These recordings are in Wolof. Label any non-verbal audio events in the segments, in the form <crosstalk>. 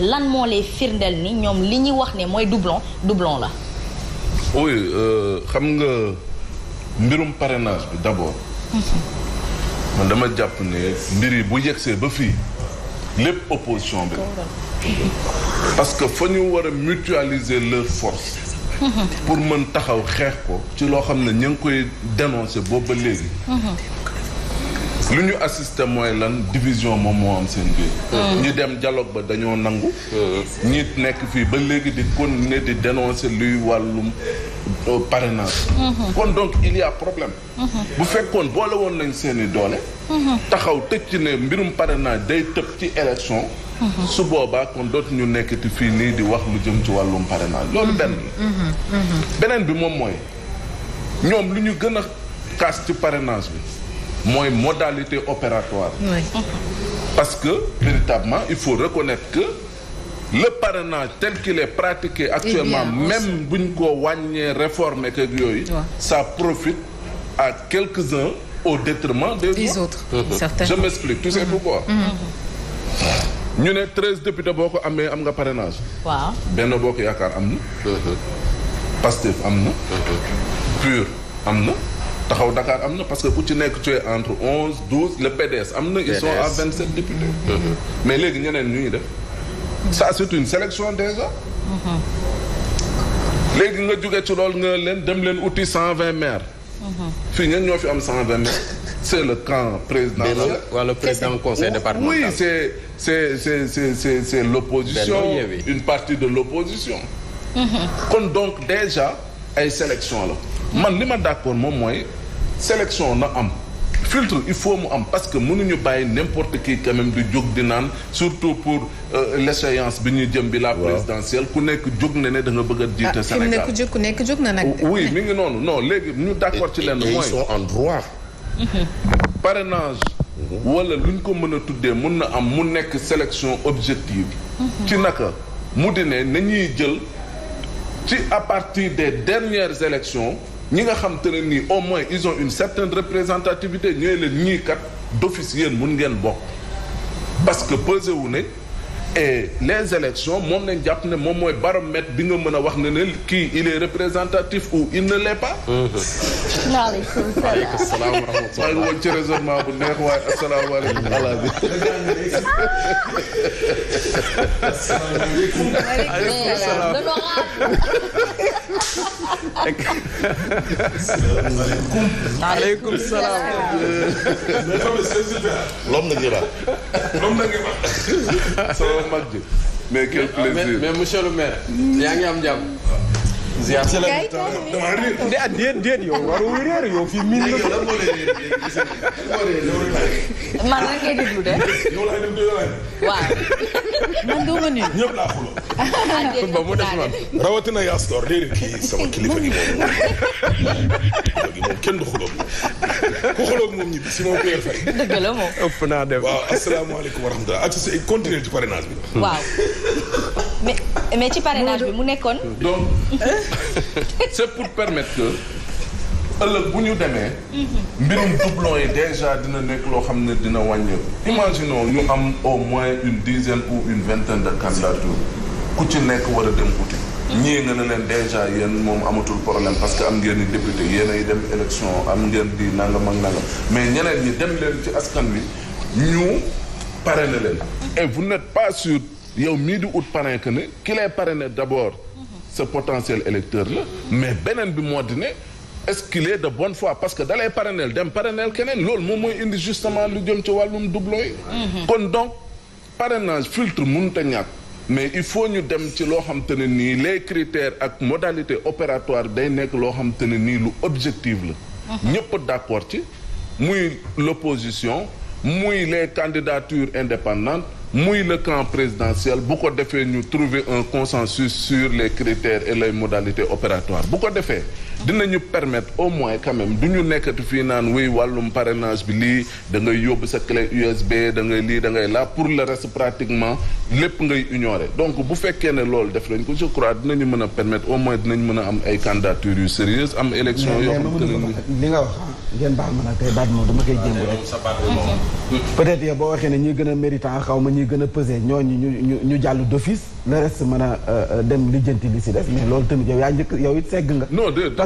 lan moo lay firndeel ni ñoom li ñuy wax ne mooy doublon doublon la. oui euh, xam nga mbirum parrainage bi d'abord. Mhm. man dama jàpp ne mbir yi bu yegsee ba fii lépp opposition bi. parce que fa ñu war mutualiser leur force. Mhm. pour mën taxaw xeex ko ci loo xam ne ñu ngi koy dénoncer boobu ba léegi. Mhm. lu ñu assisté mooy lan division moom moo am seen biir. Hmm. ñi dem dialogue ba dañoo nangu. Hmm. ñi nekk fii ba léegi di continuer di dénoncer luy wàllum euh, parrainage. Hmm. kon donc il y problème. bu fekkoon boole woon nañ seen i doole. taxaw tëj ci ne mbirum parrainage day tëb ci élection. su boobaa kon dootuñu nekkati fii nii di wax lu jëm ci wàllum parrainage loolu benn beneen bi moom mooy ñoom lu ñu gën a kaas ci parrainage bi. moins modalité opératoire. parce que véritablement il faut reconnaître que le parrainage tel qu'il est pratiqué actuellement eh même une ñu ko Wagné réforme que ça profite à quelques-uns au détriment des autres. je m'explique tu sais mm-hmm. pourquoi. nous sommes 13 députés qui à un am parrainage. Ben benn boo Amnou. pur Amna taxaw Dakar am na parce que ku ci nekk tu es entre 11 12 le PDS am na. ils sont à 27 députés. Mm-hmm. mais léegi ñeneen ñu ngi def. ça c' est une sélection déjà. Mm-hmm. léegi nga jóge ci loolu nga leen dem leen uti 120 vingt maires. Mm-hmm. fii ñenn ñoo fi am 120 vingt maires. c' est le camp présidentiel. wala président conseil départemental. oui c' est c' est c' est c' est c' est l' opposition ben, une partie de l' opposition. kon donc déjà ay sélection la. man li ma d' accord moom mooy sélection na am filtre il faut am parce que mënuñu baye n'importe qui quand même du jog di surtout pour euh, l'échéance bi la présidentielle ku nek jog na da nga bëgg ah, oui non ñu d'accord ci ils sont en droit <laughs> parrainage wala ko sélection objective mhm. ci naka mu di nous, jël ci à partir des dernières élections ñi nga xam tane ni au moins ils ont une certaine représentativité ñooy leen ñii kat d'office yéen mun ngeen bokk parce que pesé wu ne et les élections moom lañ jàpp ne moom mooy baromètre bi nga mën a wax ne ne kii il est représentatif ou il ne l'est pas. maaleykum mm-hmm. salaam maaleykum salaam wa rahmatulah. maa ngi woon ci raisonnement bu neex waaye asalaamaaleykum. maaleykum <laughs> salaam. maaleykum salaam. l'homme ne dit pas. l'homme ne dit pas. mais quel euh, plaisir mais monsieur le maire. yaa ngi am jàmm. ziar si la damaa réer. ah déet déet yow waroo réer yow fii miin la. man rek ngay déglu de. yow laay dem waaw. man doo ma nuyu. ñëpp laa xuloo. ah mu def man rawatina Yastoor déedéet kii sama kilifa gi moom. <laughs> moom kenn du xuloo ku xuloo moom ñibbi si moom koy fay. dëgg la moom. ëpp naa def waaw asalaamaaleykum wa rahmatulah ak si continuer ci parrainage bi. waaw. <laughs> mais mais tu parrainage bi mu nekkoon. donc <laughs> c'est pour permettre que ëllëg bu ñu mais mbirum doublon est déjà dina nekk loo xam dina wàññeeku. imaginons ñu am au moins une dizaine ou une vingtaine de candidatures ku ci nekk war a dem uti. ñii nga ne leen déjà yéen moom amatul problème parce que am ngeen ni député yéen ay dem élection am ngeen di nangam ak nangam mais ñeneen ñi dem leen ci askan wi ñu parrainé leen. et vous n'êtes pas sûr. Il y a un parrain que ki est parrainé d'abord ce potentiel électeur là mais benen bi moo est-ce qu'il est de bonne foi parce que les parrainel dem parrainel a loolu moom qui indi justement lu jëm ci doubler. Mhm. donc parrainage filtre mënut mais il faut ñu dem ci lo xam tane les critères ak modalités opératoires day objectifs nous xam tane ne lu objectif la mhm. les candidatures indépendantes Mouille le camp présidentiel beaucoup de faits, nous trouver un consensus sur les critères et les modalités opératoires Beaucoup de faits. dinañu permettre au moins quand même du ñu nekkati fii naan wuy wàllum parrainage bi lii da ngay yóbbu sa clé USB da ngay lii da ngay laa pour le reste pratiquement lépp ngay ignorer donc bu fekkee ne loolu def nañ ko je dina ñu mën a permettre au moins dinañ mën a am ay candidatures yu sérieuses am élection yoo xam ne ngeen baal ma nag tey baat moom dama koy jéngu rek peut-être yow boo waxee ne ñi gën a méritant xaw ma ñuy gën a pesé ñooñu ñu ñu jàll d'office le reste mën a euh, euh, dem lijjanti li si des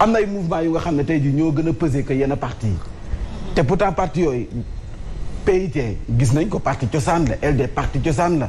am na ay mouvement yu nga xam ne tey jii ñoo gën a pesé que yenn parti yi te pourtant parti yooyu PIT gis nañ ko parti cosaan la LD parti cosaan la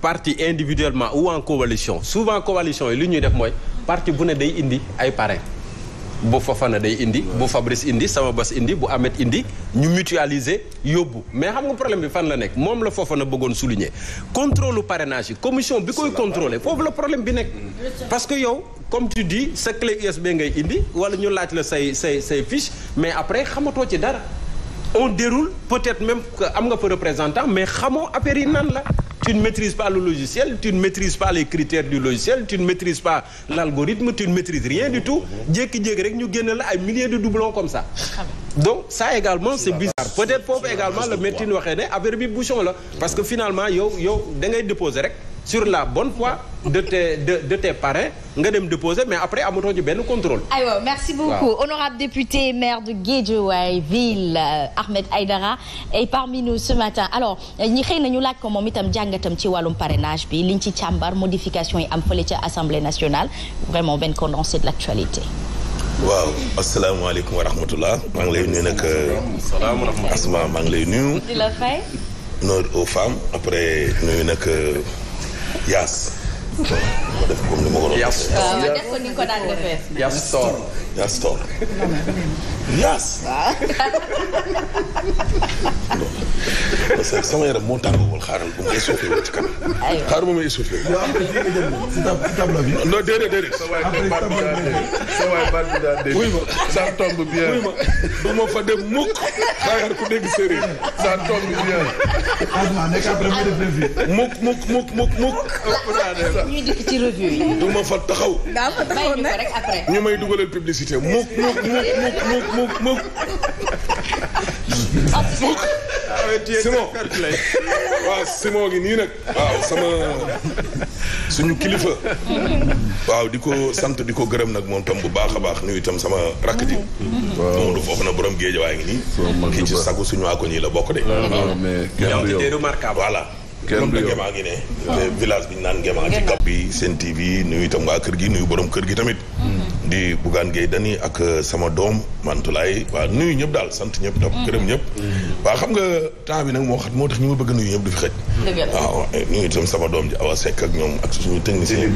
parti individuellement ou en coalition souvent coalition yi li ñuy def mooy parti bu ne day indi ay parrain bu Fofana day indi bu Fabrice indi sama bas indi bu Ahmed indi ñu mutualiser yobu. mais xam nga problème bi fan la nekk moom la Fofana bëggoon souligner contrôle parrainage commission bi koy contrôler foofu le problème bi nekk mm. parce que yow comme tu dis ce clé USB ngay indi wala ñu laaj le say say say fiche mais après xamatoo ci dara on déroule peut-être même que am nga fa représentant mais xamoo affaire yi nan la tu ne maîtrises pas le logiciel, tu ne maîtrises pas les critères du logiciel, tu ne maîtrises pas l'algorithme, tu ne maîtrises rien du tout. un milliers de doublons comme ça. Donc ça également c'est bizarre. Peut-être pour également le médecin Averbi a bouchon là. Parce que finalement, yo, yo, déposer sur la bonne foi de tes de, de tes Nous nga dem déposer mais après amatoo ci nous contrôle. aywa merci beaucoup honorable député maire de Guédiawaye ville euh, Ahmed Aïdara est parmi nous ce matin alors nous avons na ñu laaj ko moom itam ci parrainage bi liñ ci modification yi am assemblée nationale vraiment ben, condensé de l'actualité. Waouh, Assalamu alaikum wa rahmatullah maa ngi lay nuyu nag. Euh, asalaamaaleykum Asma maa ngi lay nuyu. di la fay. honneur aux femmes après nuyu nag. Euh, yaas. ma def comme ni ma ko doon defee. waaw ma def ko ni ko daan defee. yaas toor yaas toor. yaas. parce tá, tá ah, é que sama yaram moo tàngoowul xaaral bu ma essoufflé wu ci kanam. aywa xaaral bu ma não wu. yow après dégg sa waay bien. wuy ma fa dem mukk. xaaral ku dégg séeréer. ça tombe bien. mukk mukk mukk mukk du ma fa taxaw. ñu may dugalal publicité mukk mukk mukk mukk mukk mukk. Simon nii nag waaw sama suñu kilifa waaw di ko sant di ko gërëm nag moom tam bu baax a baax nuyu tam sama rakk ji moom du foofu na borom géej waa ngi nii kii ci sagu suñu waa la bokk de mais kenn du yow ngi ne village bi naan Ngema ci gab bi seen TV nuyu itam waa kër gi nuyu borom kër gi tamit di Bougane Gueye Dany ak euh, sama doom Mantoulaye waaw nuyu ñëpp daal sant ñëpp tam mm-hmm. gërëm ñëpp mm-hmm. waaw xam nga temps bi nag moo xam moo tax ñu bëgg nuyu ñëpp du fi xëj waaw nuyu itam sama doom ji Awa Seck ak ñoom ak suñu technicien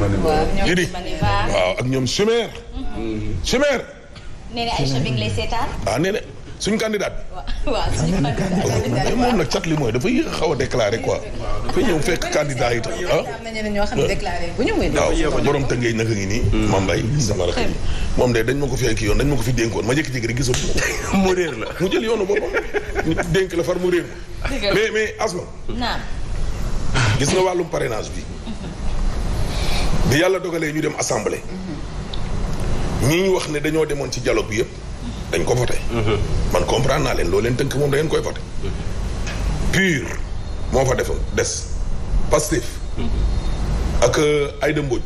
jidi waaw ak ñoom Chimère mm-hmm. Chimère nee na Aïcha mi lay seetaan ah suñ candidat bi. waaw moom nag cat li mooy dafay xaw a déclaré quoi. dafay ñëw fekk candidat yi tam ah. waaw borom tënkee naka ngi nii. Mm. Mame Mbaye sama moom de dañ ma ko fi yoon dañ ma ko fi dénkoon ma jékki-jékki rek gisatu ko. <laughs> mu réer la mu jël yoonu boppam dénk la far mu réer mais mais Asma. gis nga wàllum parrainage bi. bi yàlla dogalee ñu dem assemblée. Mm-hmm. ñi ñu wax ne dañoo demoon ci dialogue bi yëpp. dañ ko voté. Mhm. man comprendre naa leen loo leen tënk moom da ngeen koy voté. Mhm. pur moo fa defa des Pastef. Mhm. ak euh, Aïda Mbodj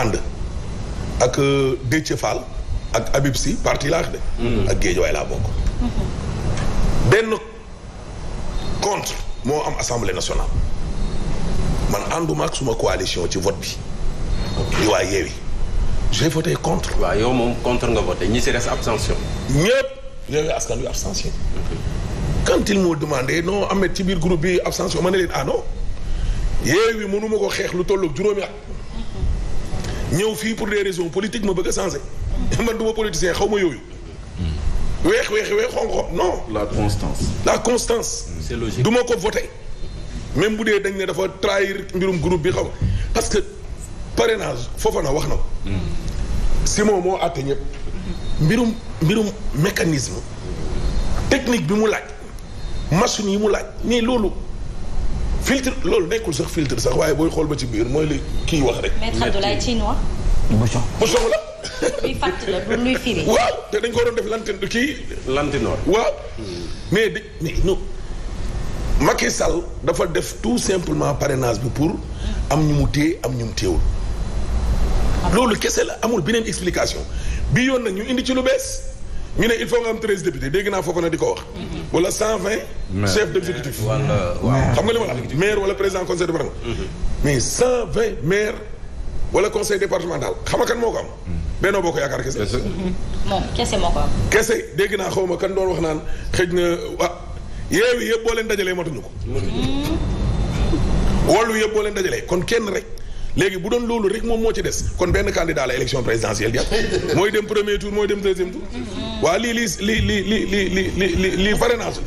ànd ak euh, Déthié Fall ak Habib Sy parti laax de. ak Guédiawaye laa bokk. benn contre moo am assemblée nationale man ànduma ak suma coalition ci vote bi. di waa yeewi. j'ai voté contre. waaw yo, mon contre nga voté ñi si des abstention. ñëpp ñëwee askan wi abstention. quand ils m'ont demandé non Ahmed ci biir groupe bi abstention ma ne ah non Yewwi mon ko xeex lu tolloog juróomi Ni ñëw fii pour des raisons politiques ma bëgg que sans <laughs> man du ma politicien xaw ma yooyu. Oui, oui, oui, xonq non. la constance. la constance. c'est logique du ma ko voter. même bu dee dañ ne dafa trahir mbirum groupe bi xaw parce que. parrainage foofa na wax na ko. Simon moo àtte ñëpp. mbirum mbirum mécanisme. technique bi mu laaj. machine yi mu laaj mais loolu. filtre loolu nekkul sax filtre sax waaye booy xool ba ci biir mooy li kii wax rek. maître Abdoulaye Tinoir. bouchon bouchon la. luy du luy firi. waaw ko waroon def lantin kii. lantinoor waaw. mais di mais non. Macky Sall dafa def tout simplement parrainage bi pour am ñu mu téye am ñu mu téyewul. loolu kese la amul beneen explication bi yoon nag ñu indi ci lu bees ñu ne il faut nga am 13 députés dégg naa foofu na di ko wax. wala 120 chef d' exécutif. xam nga li ma la maire wala président conseil départemental. Mm-hmm. mais 120 maire wala conseil départemental xam nga kan moo ko am. Mm-hmm. Benno Bokk Yaakaar kese. Mm-hmm. moom kese moo ko am. kese dégg naa xaw ma kan doon wax naan xëj na wa yeewi yëpp boo leen dajalee matuñu ko. wàllu yëpp boo leen dajalee kon kenn rek. léegi bu doon loolu rek moom moo ci des kon benn candidat la élection présidentielle di am mooy dem premier tour mooy dem deuxième tour waa lii lii lii lii lii lii lii lii lii lii parrainage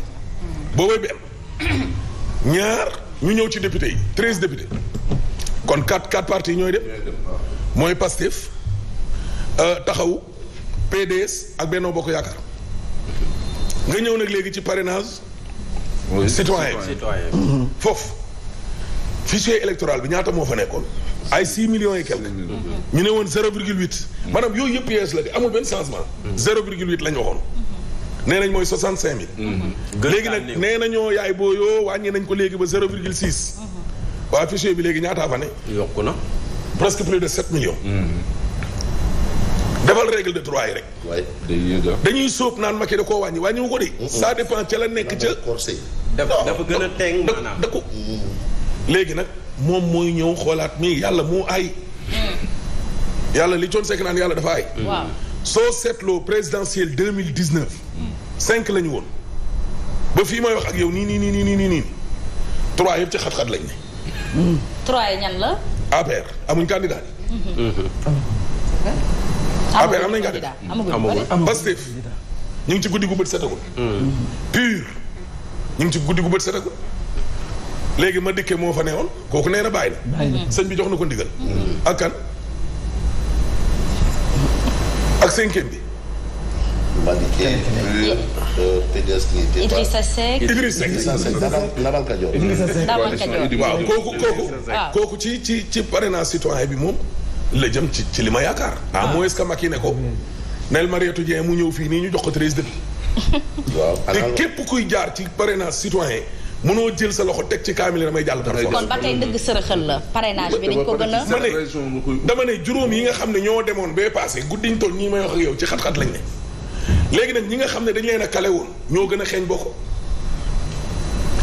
ñu ñëw ci député yi treize députés kon quatre quatre partie ñooy dem mooy Pastef taxaw PDS ak Benno Bokk Yaakaar nga ñëw nag léegi ci parrainage citoyen foofu fichier électoral bi ñaata moo fa nekkoon ay 6 millions et quelques. ñu ne woon 0,8. maanaam yooyu yëpp yees la de amul benn changement. 0,8 la ñu waxoon. nee nañ mooy 65000. gën léegi nag nee nañoo yaay yoo wàññi nañ ko léegi ba 0,6. waa fichier bi léegi ñaataa fa ne. yokku na. presque plus de 7 millions. defal règle de trois yi rek. waay dañuy sóob naan Macky da koo wàññi wàññiwu ko de. ça dépend ca la nekk ca. dafa gën a teg maanaam da ko léegi nag. moom mooy ñëw xoolaat mais yàlla moo ay. yàlla li coon sekk naan yàlla dafa ay. Mm. waaw soo seetloo présidentielle deux mille dix neuf. cinq lañu woon. ba fii may wax ak yow nii nii nii nii nii nii trois yëpp ci xat-xat lañ ne. trois yi ñan la. APR amuñ candidat. Mm-hmm. APR am nañ candidat. amaguñ ñu ngi ci guddi gu bët setagul. Mm-hmm. PUR ñu ngi ci guddi gu bët setagul. léegi ma dikkee moo fa ne woon kooku nee na bàyyi na sëñ bi jox na ko ndigal mm-hmm. ak kan ak bi Madické PDS Idrissa Seck Idrissa Seck Ndamal Kajoor waaw kooku kooku kooku ci ci ci parrainage citoyen bi moom la jëm ci ci li ma yaakaar à ah. moins que Macky ne ko mm-hmm. nel Mariétou Dieng mu ñëw fii nii ñu jox ko treize te képp kuy jaar ci parrainage citoyen mënoo jël sa loxo teg ci kaamil damay jàll par force. kon ba tey dëgg sërëxal la parrainage ma ne dama ne juróom yi nga xam ne ñoo demoon bee paase guddiñ toll ñii may wax ak yow ci xat-xat lañ ne léegi nag ñi nga xam ne dañ leen a woon ñoo gën a xeeñ bokk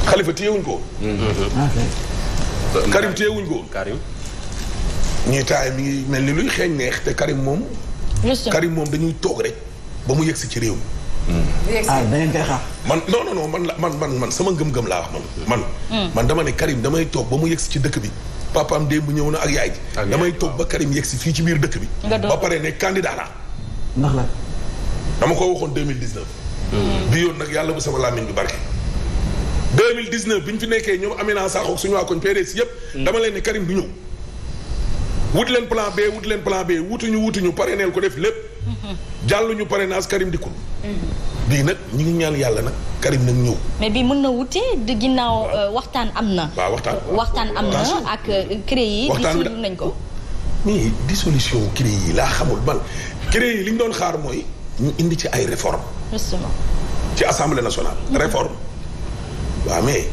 xalifa téyewuñ ko. Mm-hmm. Karim téyewuñ ko. Karim. ñuy taay mi ngi mel ni luy xeeñ neex te Karim moom. Karim moom dañuy toog rek ba mu yegsi ci réew ah da ngeen koy xaar. man non man la man man man sama ngëm-ngëm laa wax man. man hmm. man dama ne Karim damay toog ba mu yegsi ci dëkk bi. papaam démb ñëw na ak yaay ji. damay toog ba Karim yegsi fii ci biir dëkk bi. ba pare ne candidat laa. ndax la. dama ko waxoon deux mille dix neuf. Hmm. bi yoon nag yàlla bu sama làmmiñ bi barke. deux mille dix neuf bi ñu fi nekkee ñoom Amina Sakho ak suñu waa koñ PDS yëpp. Hmm. dama leen ne Karim du ñëw. wut leen plan B wut leen plan B wutuñu wutuñu parrainel ko def lépp. jàlluñu parrainage Karim dikkul. bii nag ñu ngi ñaan yàlla nag Karim nag ñëw. mais bii mën na wute di ginnaaw euh, waxtaan am na. waaw waxtaan waxtaan am na ak euh, CREI yi. waxtaan bi nañ ko. dissolution CREI yi laa xamul man CREI liñ doon xaar mooy ñu indi ci ay réformes. ci assemblée nationale. Mhm. réforme waaw mais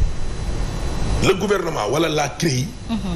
le gouvernement wala la CREI. Mhm.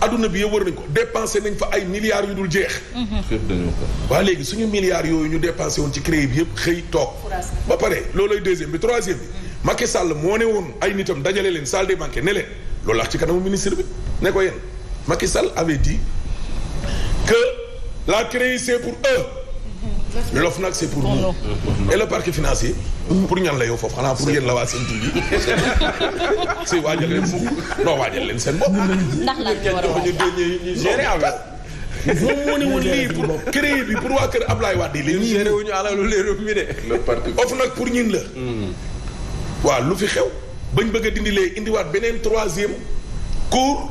aduna bi yëpp wër nañ ko dépenser nañ fa ay milliards yu dul jeex. fépp mm-hmm. dañoo ko. waa léegi suñu milliards yoyu ñu dépenser woon ci créé bi yëpp xëy toog. ba paré lolay deuxième bi troisième bi. Mm-hmm. Macky Sall mo ne woon ay nitam dajalé leen salle des banquets ne leen loolu laax ci kanam ministre bi ne ko yéen Macky Sall avait dit que la CREI c'est pour eux l'OFNAC c'est pour nous et le parquet financier pour ñan la pour yéen la c'est non la pour créer pour pour hmm. troisième cour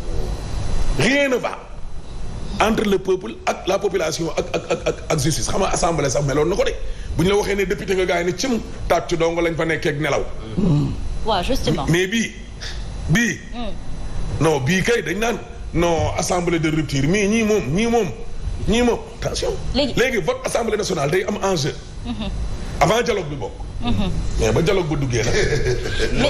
rien ne va entre le peuple ak la population ak ak ak ak ak justice xam nga assemblée sax meloon na ko de bu la waxee ne député nga gars yi ne cim tàccu dong lañ fa nekkee nelaw. waaw hmm. justement mais bi bi hmm. non bii kay dañ naan non assemblée de rupture mais ñii moom ñii moom ñii moom attention. léegi léegi vote assemblée nationale day am enjeu. Hmm. avant dialogue bi bokk. mais ba dialogue ba duggee nag.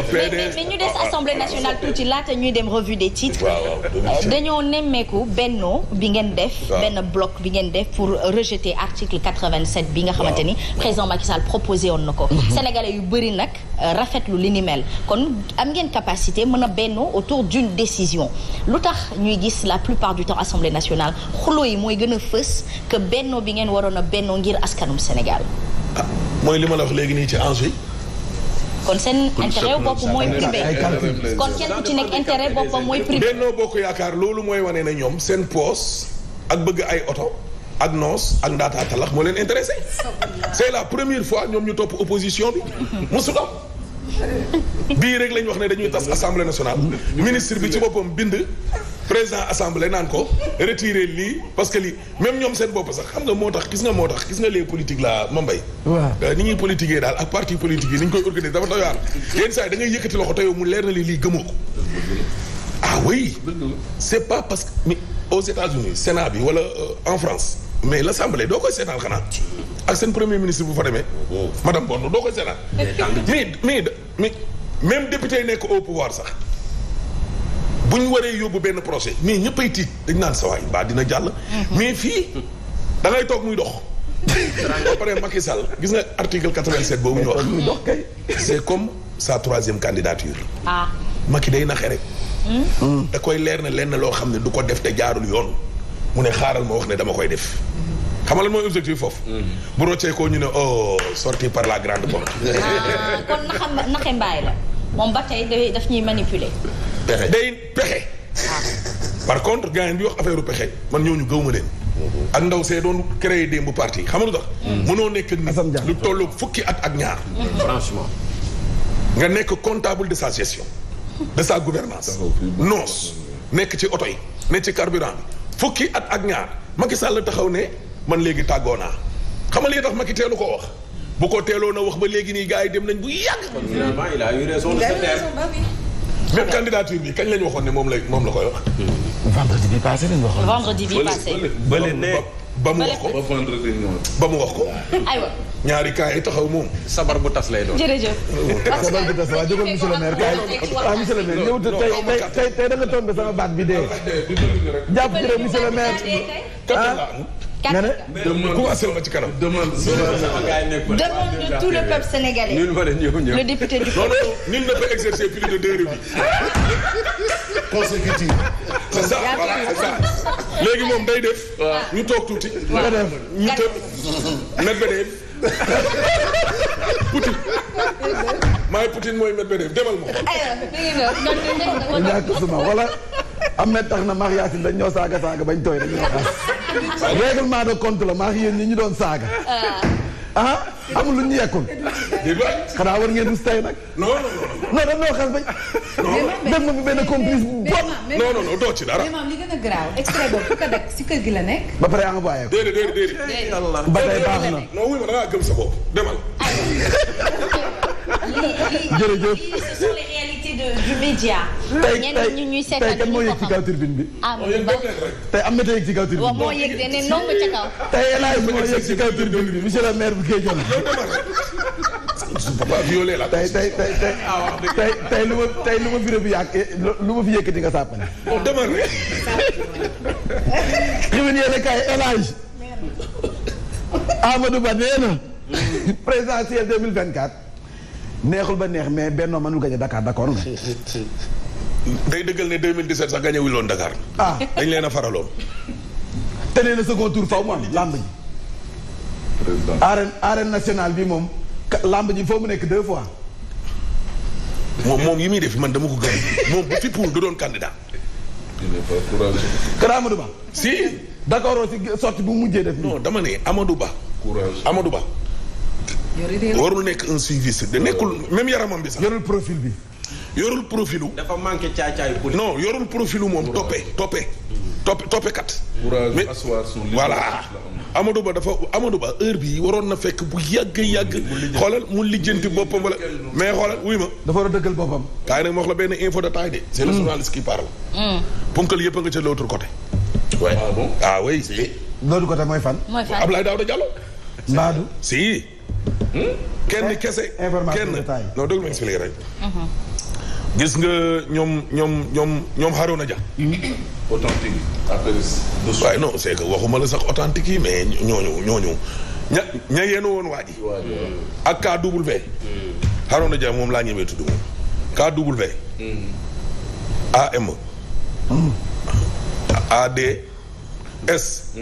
<laughs> mais mais ñu des assemblée nationale tuuti laata ñuy dem revue des titres. Euh, dañoo nemmeeku Ben bi ngeen def. ben bloc bi def pour rejeter article 87 bi nga xamante président Macky Sall proposé on na mhm. sénégalais yu bëri nag euh, rafetlu li ni mel kon am capacité mën a autour d'une décision L'autre tax ñuy gis la plupart du temps assemblée nationale xuloo moi je ne a que Benno bi ngeen warona Benno ngir askanum Sénégal. Ah, moy li ma la wax léegi ni ci enjeu kon sen intérêt bop moy privé kon kenn ku ci nek intérêt bop moy privé. Benno Bokk yakar loolu moy wané na ñom sen poste ak bëgg ay auto ak nos ak ndaataa talax mo len intéressé. c'est la première fois ñom ñu top opposition bi. <laughs> musul bi rek lañ wax ne dañuy tas assemblée nationale. ministre bi ci boppam bind. président assemblée naan ko retirer li parce que li même ñom seen bop sax xam nga motax gis nga motax gis nga les politiques la Mambay. waaw euh, ni ñuy politiquer daal ak parti politique yi ni ñu koy organiser dafa doy waar. yenn saa da ngay yëkëti loxo te mu leer na li lii gëmoo ah oui. c'est pas parce que mais aux États-Unis Sénat bi wala euh, en France. mais l'assemblée do koy sétal xana ak seen premier ministre bu fa démé madame Bonno do koy sétal mais mais mais même député yi nekk au pouvoir sax bu ñu waree yóbbu benn procès mais ñëppay tiit dañ naan sa ba dina jàll. Mhm. mais fii da toog muy dox. ba pare Sall gis nga article 87 boobu ñu wax. muy dox kay. c'est comme sa troisième candidature. ah day naxee rek. te hmm? koy leer na lenn loo xam ne du ko def te jaarul yoon. mu ne xaaral ma wax ne dama koy def. Hmm. xam nga lan mooy objectif foofu. Mm. bu roccee ko ñu ne oh sorti par la grande porte. <laughs> Ah, kon naxam naxe mbaay la moom ba tey daf ñuy manipuler. pexe day pexe. Ah. par contre gars yi affaire pexe man ñooñu gëwuma leen. Mm-hmm. ak ndaw see doon créé démb parti xam nga lu tax. Mm. mënoo nekk ni lu tollu fukki at ak ñaar. Mm-hmm. nga nekk comptable de sa gestion. de sa gouvernance noos nekk ci oto yi. nekk ci carburant bi fukki at ak ñaar Macky Sall taxaw ne. man léegi tàggoo naa xam nga li tax Macky teelu ko wax bu ko teeloon a wax ba léegi nii gaa yi dem nañ bu yàgg. kon finalement a eu raison de se bi kañ la waxoon ne moom la moom la koy wax. vendredi bi passé lañ waxoon. vendredi bi passé bële ba mu wax ko ba vendredi ba mu wax ko. aywa ñaari cas yi taxaw moom. sabar bu tas lay doon. jërëjëf. sabar bu tas waa sama baat bi dee. jàpp ci rek monsieur le maire. nga ne ma ci kanam. demande de tout le peuple sénégalais. le député du peuple. non nul ne peut exercer plus de deux revues. <laughs> consécutive. c'est ça voilà c'est ça. léegi moom day def. ñu toog tuuti. ñu tëb. Medvedev. <laughs> Poutine. maay Poutine mooy Medvedev demal ma. aywa mi ngi noonu. voilà. am na tax na maax yaasin dañ ñoo saaga saaga bañ tooy dañ ñoo xaas règlement de compte la maax yéen ñi ñu doon saaga ah, ah amul lu ñu yekkul xanaa war ngeen rus tey nag non non non xas bañ <laughs> dégg ma fi benn complice bu bon non non non doo ci dara mais si kër ba pare envoyé ko déedéet déedéet déedéet ba tey baax na non sa bopp demal <laughs> du média. tey tey tey kan moo yëg ci kaw turbine bi. Amadou ah, oh, Ba tey am na tey yëg ci kaw de ne noo nga ca kaw. tey El Hadj moo yëg ci kaw turbine a ah, kaay El Hadj Amadou neexul ba neex mais Benno mënul gañe Dakar d'accord nga. <laughs> day dëggal ne 2017 sax gañe wul woon Dakar. ah dañ leen a faraloon. te nee na second tour faw mu am làmb ji. président arène nationale bi moom làmb ji foo mu nekk deux fois. moom moom yi muy def man dama ko gën moom ba fi pour du doon candidat. kër a Ba. si. d'accord aussi sorti bu mujjee def. non dama ne Amadou Ba. Ba. warul nekk un suiviste de nekkul même yaramam bi sax. yorul profil bi. yorul profilu. dafa manqué caacaayu politique. non yorul profilu moom toppe toppe toppe toppekat. mais voilà. Amadou Ba dafa Amadou Ba heure bii waroon na fekk bu yàgg yàgg. xoolal mu lijjanti boppam wala mais xoolal wuy ma. dafa war a dëggal boppam. kaay nag ma wax la benn info de taille de. c' est le mm. journaliste qui parle. Mm. ponkal yëpp a nga ca l' autre côté. waaw ah bon ah mooy fan. mooy fan Abdoulaye Daouda Diallo. Mbadou si. kenn kese kenn non déglu ma expliqué rek mhm. gis nga ñoom ñoom ñoom ñoom Harouna Dia mm-hmm. authentique après waaye non c'est que waxuma la sax authentique yi mais ñooñu ñooñu ña ña yéen woon waa ji ak KW mm-hmm. Harouna Dia moom laa ñemee tudd moom KW AM ADS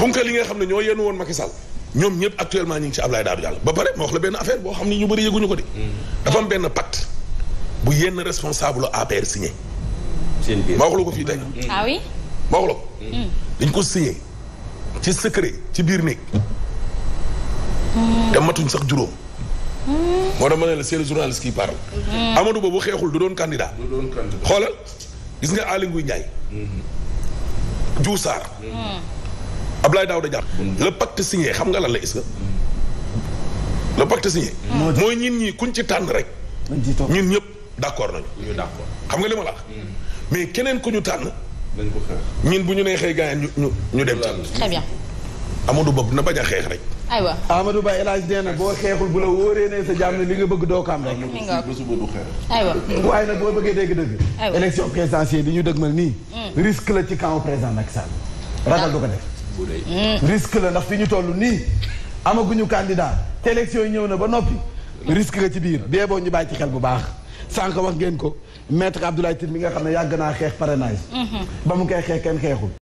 bunka li nga xam ne ñoo yéen woon Macky Sall ñoom ñëpp actuellement ñu ngi ci Ablaye Daouda Diallo ba pare ma wax la benn affaire boo xam ni ñu bëri yëguñu ko de. dafa am benn pacte bu yenn responsable APR signé. seen biir wax la ko fii tey. ah wax la ko. Hmm. dañ ko signé ci secret ci biir néeg. Hmm. te matuñ sax juróom. Hmm. moo tax ma ne la c'est le journaliste qui parle. Amadou xeexul du doon candidat. du xoolal gis nga Aly Ngouille Ndiaye. Diouf daaw da Daouda Diallo le pacte signé xam nga la est-ce que le pacte signé mooy ñin ñi kuñ ci tànn rek ñun ñëpp d'accord nañu xam nga li ma la hmm. mais keneen ku ñu tànn ñin bu ñu neexee gaañ ñu ñu ñu dem ci très bien Amadou Ba na bañ a xeex rek aywa Amadou Ba El Hadj nee na boo xeexul bu la wóoree ne sa jàmm li nga bëgg doo ko am rek aywa waaye nag boo bëggee dégg dëgg élection présidentielle di ñu dëgmal nii hmm. risque la ci camp président Macky Sall ragal ah. du ko def Hmm. risque la ndax fi ñu toll nii amaguñu candidat te élection yi ñëw na ba noppi risque nga ci biir bee boo ñu bàyyi ci xel bu baax sànq wax ngeen ko maître Abdoulaye Tine mi nga xam ne yàgg naa xeex parrainage hmm. ba mu koy xeex kenn xeexul